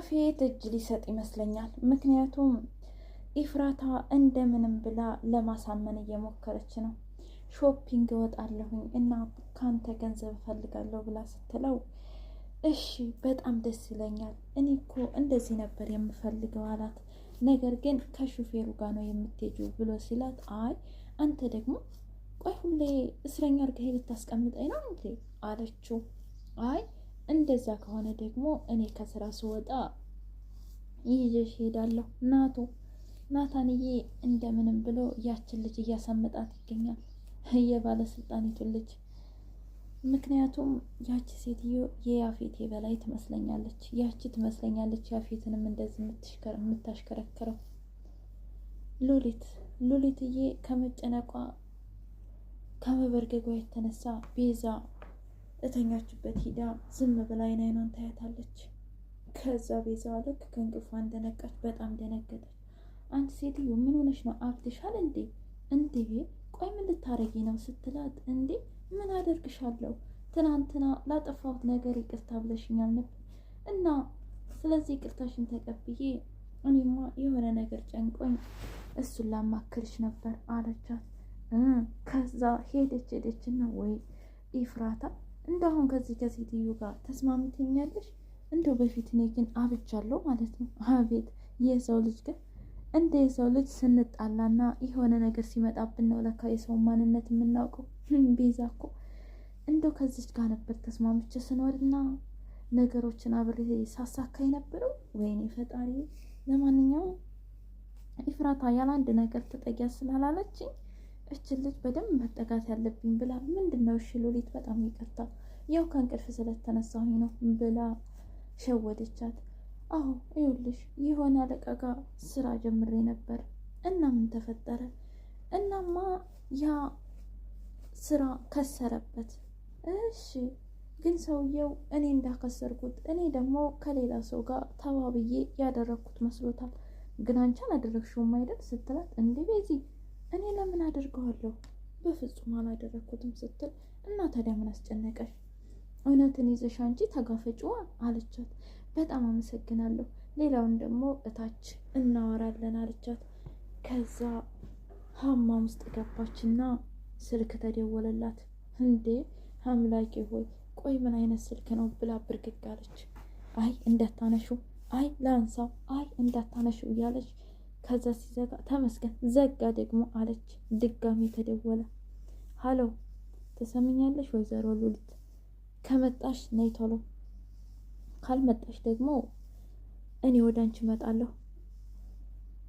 ያፌት እጅ ሊሰጥ ይመስለኛል። ምክንያቱም ኢፍራታ እንደምንም ብላ ለማሳመን እየሞከረች ነው። ሾፒንግ እወጣለሁኝ እና ካንተ ገንዘብ እፈልጋለሁ ብላ ስትለው እሺ በጣም ደስ ይለኛል፣ እኔ እኮ እንደዚህ ነበር የምፈልገው አላት። ነገር ግን ከሹፌሩ ጋር ነው የምትሄጂው ብሎ ሲላት አይ አንተ ደግሞ ቆይ ሁሌ እስረኛ አድርገህ ልታስቀምጠኝ ነው እንዴ አለችው። አይ እንደዛ ከሆነ ደግሞ እኔ ከስራ ስወጣ ይዤሽ እሄዳለሁ። ናቱ ናታንዬ እንደምንም ብሎ ያችን ልጅ እያሳመጣት ይገኛል፣ የባለስልጣኒቱ ልጅ። ምክንያቱም ያቺ ሴትዮ የያፌት በላይ ትመስለኛለች፣ ያቺ ትመስለኛለች ያፌትንም እንደዚህ የምታሽከረክረው ሉሊት። ሉሊትዬ ከመጨነቋ ከመበርገጓ የተነሳ ቤዛ እተኛችበት ሂዳ ዝም ብላ አይኗን ታያታለች። ከዛ ቤዛ ልክ ከእንቅልፏ እንደነቃች በጣም ደነገጠች። አንድ ሴትዮ ምን ሆነሽ ነው? አብድሻል እንዴ? እንዴ ቆይ ምን ልታረጊ ነው ስትላት፣ እንዴ ምን አደርግሻለሁ? ትናንትና ላጠፋሁት ነገር ይቅርታ ብለሽኛል ነበር እና ስለዚህ ይቅርታሽን ተቀብዬ እኔማ የሆነ ነገር ጨንቆኝ እሱን ላማክርሽ ነበር አለቻት። ከዛ ሄደች ሄደችና ወይ ኤፍራታ እንደሁን ከዚህ ከሴትዮ ጋር ተስማምተኛለሽ? እንደው በፊት እኔ ግን አብቻለሁ ማለት ነው። አቤት የሰው ልጅ ግን እንደ የሰው ልጅ ስንጣላና የሆነ ነገር ሲመጣብን ነው ለካ የሰው ማንነት የምናውቀው። ቤዛ እኮ እንደው ከዚች ጋር ነበር ተስማምቼ ስኖርና ነገሮችን አብሬ ሳሳካ የነበረው። ወይኔ ፈጣሪ! ለማንኛውም ኢፍራታ ያለ አንድ ነገር ተጠጊያ ስላላለችኝ እች ልጅ በደንብ መጠጋት ያለብኝ ብላ ምንድን ነው እሺ ሉሊት፣ በጣም ይቀርታል ያው ከእንቅልፍ ስለተነሳሁኝ ነው ብላ ሸወደቻት። አሁ ይኸውልሽ የሆነ አለቃ ጋር ስራ ጀምሬ ነበር እና ምን ተፈጠረ? እናማ ያ ስራ ከሰረበት። እሺ ግን ሰውየው እኔ እንዳከሰርኩት እኔ ደግሞ ከሌላ ሰው ጋር ተባብዬ ያደረግኩት መስሎታል። ግን አንቺን አደረግሽውም አይደል ስትላት፣ እንዴ ቤዚ እኔ ለምን አደርገዋለሁ በፍጹም አላደረግኩትም ስትል እና ታዲያ ምን አስጨነቀሽ? እውነትን ይዘሻ እንጂ ተጋፈጭዋ አለቻት። በጣም አመሰግናለሁ፣ ሌላውን ደግሞ እታች እናወራለን አለቻት። ከዛ ሀማም ውስጥ ገባችና ስልክ ተደወለላት። እንዴ አምላኬ ሆይ ቆይ ምን አይነት ስልክ ነው ብላ ብርግግ አለች። አይ እንዳታነሹ፣ አይ ላንሳው፣ አይ እንዳታነሹ እያለች ከዛ ሲዘጋ ተመስገን ዘጋ ደግሞ አለች። ድጋሚ ተደወለ። ሀሎ ትሰምኛለሽ ወይዘሮ ሉሊት ከመጣሽ ነይ ቶሎ፣ ካልመጣሽ ደግሞ እኔ ወደ አንቺ እመጣለሁ።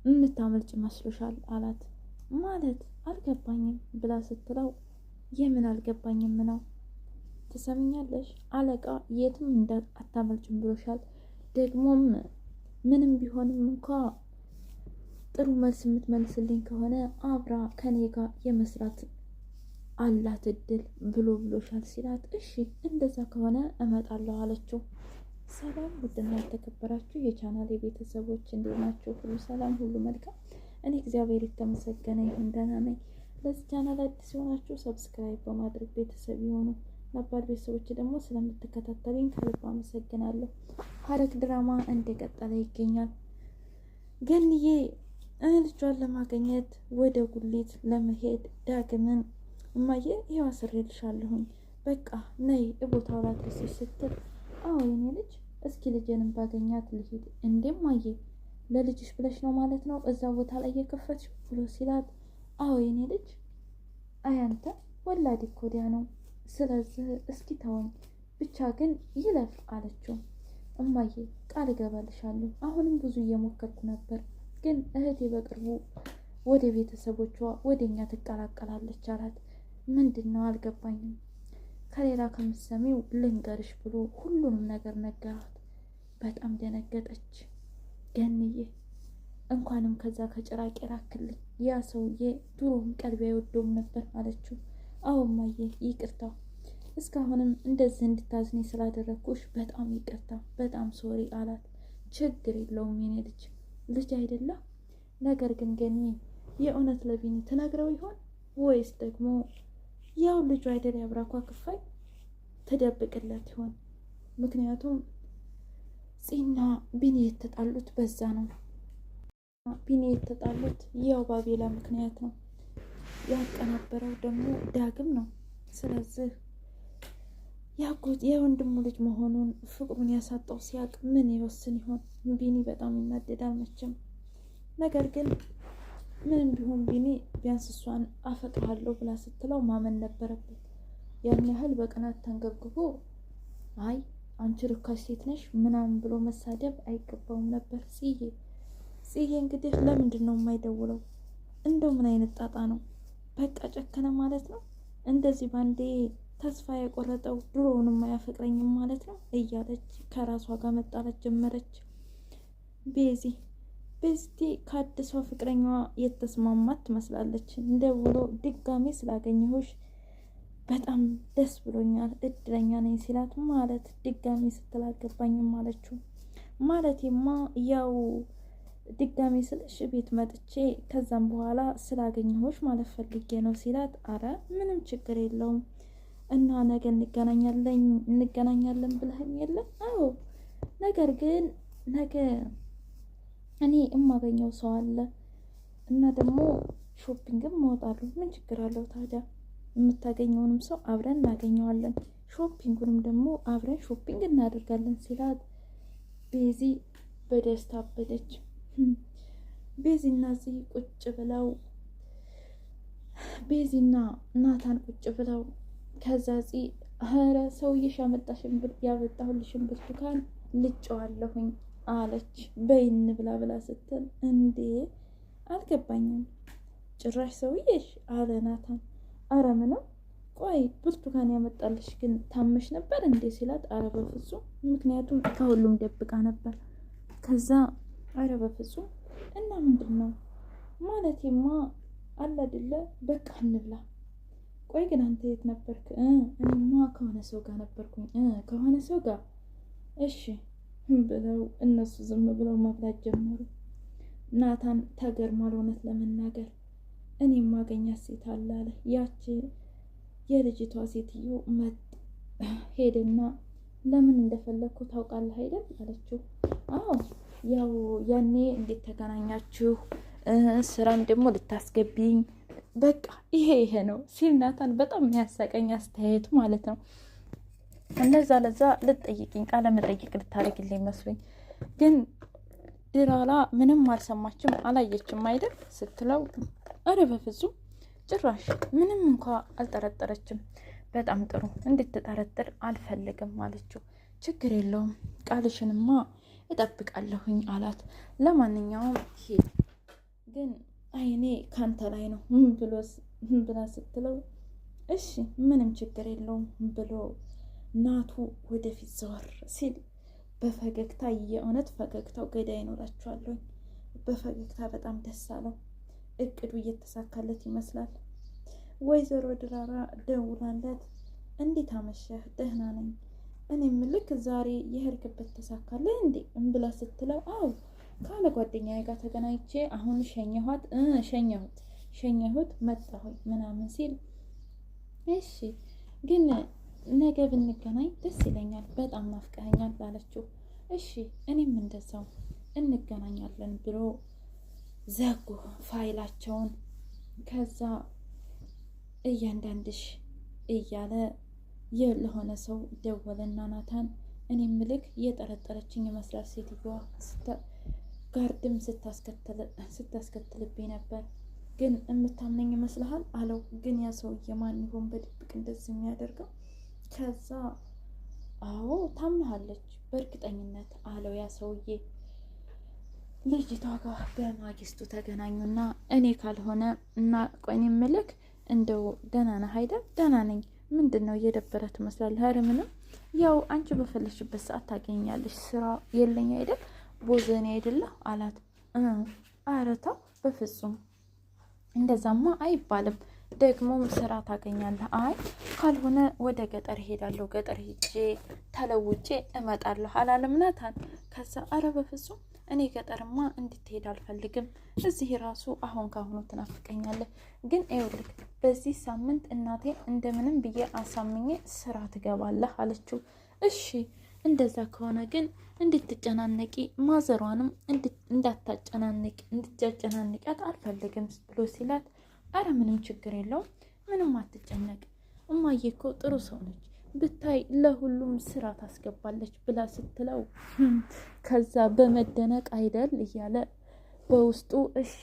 የምታመልጭ መስሎሻል አላት። ማለት አልገባኝም ብላ ስትለው የምን አልገባኝም ነው ትሰምኛለሽ? አለቃ የትም አታመልጭም ብሎሻል። ደግሞም ምንም ቢሆንም እንኳ ጥሩ መልስ የምትመልስልኝ ከሆነ አብራ ከኔ ጋር የመስራት አላት እድል ብሎ ብሎሻል ሲላት፣ እሺ እንደዛ ከሆነ እመጣለሁ አለችው። ሰላም ውድና የተከበራችሁ የቻናል የቤተሰቦች እንዴት ናችሁ? ሁሉ ሰላም፣ ሁሉ መልካም። እኔ እግዚአብሔር የተመሰገነ ይሁን ደህና ነኝ። ለዚህ ቻናል አዲስ የሆናችሁ ሰብስክራይብ በማድረግ ቤተሰብ የሆኑ ነባር ቤተሰቦች ደግሞ ስለምትከታተሉኝ ከልብ አመሰግናለሁ። ሐረግ ድራማ እንደቀጠለ ይገኛል። ገንዬ ልጇን ለማግኘት ወደ ጉሊት ለመሄድ ዳግምን እማዬ ይኸው አስሬልሻለሁኝ በቃ ነይ ቦታው ላይ ስትል፣ አዎ የኔ ልጅ እስኪ ልጄንም ባገኛት ልሂድ። እንዴ እማዬ ለልጅሽ ብለሽ ነው ማለት ነው እዛ ቦታ ላይ የከፈትሽው ብሎ ሲላት፣ አዎ የኔ ልጅ አያንተ ወላዲ ኮዲያ ነው። ስለዚህ እስኪ ተወኝ ብቻ ግን ይለፍ አለችው። እማዬ ቃል እገባልሻለሁ አሁንም ብዙ እየሞከርኩ ነበር፣ ግን እህቴ በቅርቡ ወደ ቤተሰቦቿ ወደ እኛ ትቀላቀላለች አላት። ምንድን ነው አልገባኝም። ከሌላ ከምትሰሚው ልንገርሽ ብሎ ሁሉንም ነገር ነገራት። በጣም ደነገጠች። ገንዬ እንኳንም ከዛ ከጭራቅ ራክልኝ፣ ያ ሰውዬ ድሮም ቀልቤ አይወደውም ነበር አለችው። አዎ እማዬ ይቅርታ፣ እስካሁንም እንደዚህ እንድታዝኔ ስላደረግኩሽ በጣም ይቅርታ፣ በጣም ሶሪ አላት። ችግር የለውም የኔ ልጅ ልጅ አይደለም። ነገር ግን ገኒ የእውነት ለቢኒ ትነግረው ይሆን ወይስ ደግሞ ያው ልጁ አይደል ያብራኳ ክፋይ ተደብቅለት ይሆን? ምክንያቱም ፂና ቢኒ የተጣሉት በዛ ነው። ቢኒ የተጣሉት ያው ባቤላ ምክንያት ነው። ያቀናበረው ደግሞ ዳግም ነው። ስለዚህ ያጎት የወንድሙ ልጅ መሆኑን ፍቅሩን ያሳጣው ሲያቅ ምን ይወስን ይሆን? ቢኒ በጣም ይናደዳል መቼም ነገር ግን ምንም ቢሆን ቢኒ ቢያንስ እሷን አፈቅርሃለሁ ብላ ስትለው ማመን ነበረበት። ያን ያህል በቅናት ተንገብግቦ አይ አንቺ ርካሽ ሴት ነሽ ምናምን ብሎ መሳደብ አይገባውም ነበር። ጽዬ ጽዬ እንግዲህ ለምንድን ነው የማይደውለው? እንደው ምን አይነት ጣጣ ነው? በቃ ጨከነ ማለት ነው። እንደዚህ ባንዴ ተስፋ የቆረጠው ድሮውንም አያፈቅረኝም ማለት ነው እያለች ከራሷ ጋር መጣላት ጀመረች ቤዚ በዚህ ከአዲሷ ፍቅረኛዋ የተስማማት ትመስላለች። ደውሎ ድጋሜ ስላገኘሁሽ በጣም ደስ ብሎኛል፣ እድለኛ ነኝ ሲላት ማለት ድጋሜ ስትል አልገባኝም አለችው። ማለቴማ ያው ድጋሜ ስልሽ ቤት መጥቼ ከዛም በኋላ ስላገኘሁሽ ማለት ፈልጌ ነው ሲላት፣ አረ ምንም ችግር የለውም እና ነገ እንገናኛለን እንገናኛለን የለም? አዎ ነገር ግን ነገ እኔ የማገኘው ሰው አለ እና ደግሞ ሾፒንግም እወጣለሁ። ምን ችግር አለው ታዲያ? የምታገኘውንም ሰው አብረን እናገኘዋለን። ሾፒንጉንም ደግሞ አብረን ሾፒንግ እናደርጋለን ሲላት ቤዚ በደስታ አበደች። እና hm እዚህ ቁጭ ብለው እና ናታን ቁጭ ብለው ከዛ ዚ ኧረ ሰውዬሽ ያመጣሽን ያመጣሁልሽን ብርቱካን ልጨዋለሁኝ አለች። በይን ብላ ብላ ስትል እንዴ አልገባኝም ጭራሽ ሰውዬሽ አለ ናታን። አረ ምንም ቆይ ብርቱካን ያመጣልሽ ግን ታመሽ ነበር እንዴ ሲላት፣ አረ በፍጹም ምክንያቱም ከሁሉም ደብቃ ነበር። ከዛ አረ በፍጹም እና ምንድን ነው ማለቴማ አላድለ በቃ እንብላ። ቆይ ግን አንተ የት ነበርክ? እኔማ ከሆነ ሰው ጋር ነበርኩኝ። ከሆነ ሰው ጋር እሺ ብለው እነሱ ዝም ብለው መብላት ጀመሩ። ናታን ተገርሟል። እውነት ለመናገር እኔ ማገኛት ሴት አለ። ያቺ የልጅቷ ሴትዮ መጥ ሄደና ለምን እንደፈለግኩ ታውቃለህ አይደል አለችው። አዎ ያው ያኔ እንዴት ተገናኛችሁ፣ ስራም ደግሞ ልታስገቢኝ፣ በቃ ይሄ ይሄ ነው ሲል ናታን በጣም የሚያሳቀኝ አስተያየቱ ማለት ነው። እነዛ ለዛ ልትጠይቅኝ ቃለ መጠይቅ ልታደርግልኝ መስሎኝ ግን ድራላ ምንም አልሰማችም አላየችም አይደል ስትለው፣ እረ በፍጹም ጭራሽ ምንም እንኳ አልጠረጠረችም። በጣም ጥሩ እንድትጠረጥር አልፈልግም አለችው። ችግር የለውም ቃልሽንማ እጠብቃለሁኝ አላት። ለማንኛውም ሂድ ግን አይኔ ካንተ ላይ ነው ብሎ ብላ ስትለው፣ እሺ ምንም ችግር የለውም ብሎ ናቱ ወደፊት ዘወር ሲል በፈገግታ የእውነት ፈገግታው ገዳይ ይኖራችኋለሁ። በፈገግታ በጣም ደስ አለው። እቅዱ እየተሳካለት ይመስላል። ወይዘሮ ድራራ ደውላለት እንዴት አመሸህ? ደህና ነኝ። እኔም ልክ ዛሬ የሄድክበት ተሳካለ እንዴ? እምብላ ስትለው አዎ ካለ ጓደኛዬ ጋር ተገናኝቼ አሁን ሸኘኋት ሸኘሁት ሸኘሁት መጣሁ ምናምን ሲል እሺ ግን ነገ ብንገናኝ ደስ ይለኛል፣ በጣም ናፍቀኸኛል አለችው። እሺ እኔም እንደዛው እንገናኛለን ብሎ ዘጉ ፋይላቸውን። ከዛ እያንዳንድሽ እያለ የለሆነ ሰው ደወለና ናታን እኔም ምልክ የጠረጠረችኝ ይመስላል ሴትዮዋ ጋርድም ስታስከትልብኝ ነበር፣ ግን እምታምነኝ ይመስልሃል አለው። ግን ያ ሰውዬ ማን ይሆን በድብቅ እንደዚህ የሚያደርገው? ከዛ አዎ ታምናለች በእርግጠኝነት አለው ያ ሰውዬ። ልጅቷ ጋር በማግስቱ ተገናኙና እኔ ካልሆነ እና ቆይን ምልክ እንደው ደህና ነህ አይደል? ደህና ነኝ። ምንድን ነው እየደበረ ትመስላለህ? ኧረ ምንም። ያው አንቺ በፈለሽበት ሰዓት ታገኛለሽ። ስራ የለኝ አይደል? ቦዘኔ አይደለ አላት። ኧረ በፍጹም እንደዛማ አይባልም። ደግሞም ስራ ታገኛለህ። አይ ካልሆነ ወደ ገጠር ሄዳለሁ፣ ገጠር ሄጄ ተለውጬ እመጣለሁ አላለም ናታን። ከዛ አረ በፍጹም እኔ ገጠርማ እንድትሄድ አልፈልግም። እዚህ ራሱ አሁን ካሁኑ ትናፍቀኛለህ። ግን ይኸውልህ በዚህ ሳምንት እናቴ እንደምንም ብዬ አሳምኜ ስራ ትገባለህ አለችው። እሺ እንደዛ ከሆነ ግን እንድትጨናነቂ ማዘሯንም እንዳታጨናንቅ እንድትጨናንቂያት አልፈልግም ብሎ ሲላት አረ ምንም ችግር የለውም፣ ምንም አትጨነቅ፣ እማዬ እኮ ጥሩ ሰው ነች፣ ብታይ ለሁሉም ስራ ታስገባለች ብላ ስትለው ከዛ በመደነቅ አይደል እያለ በውስጡ እሺ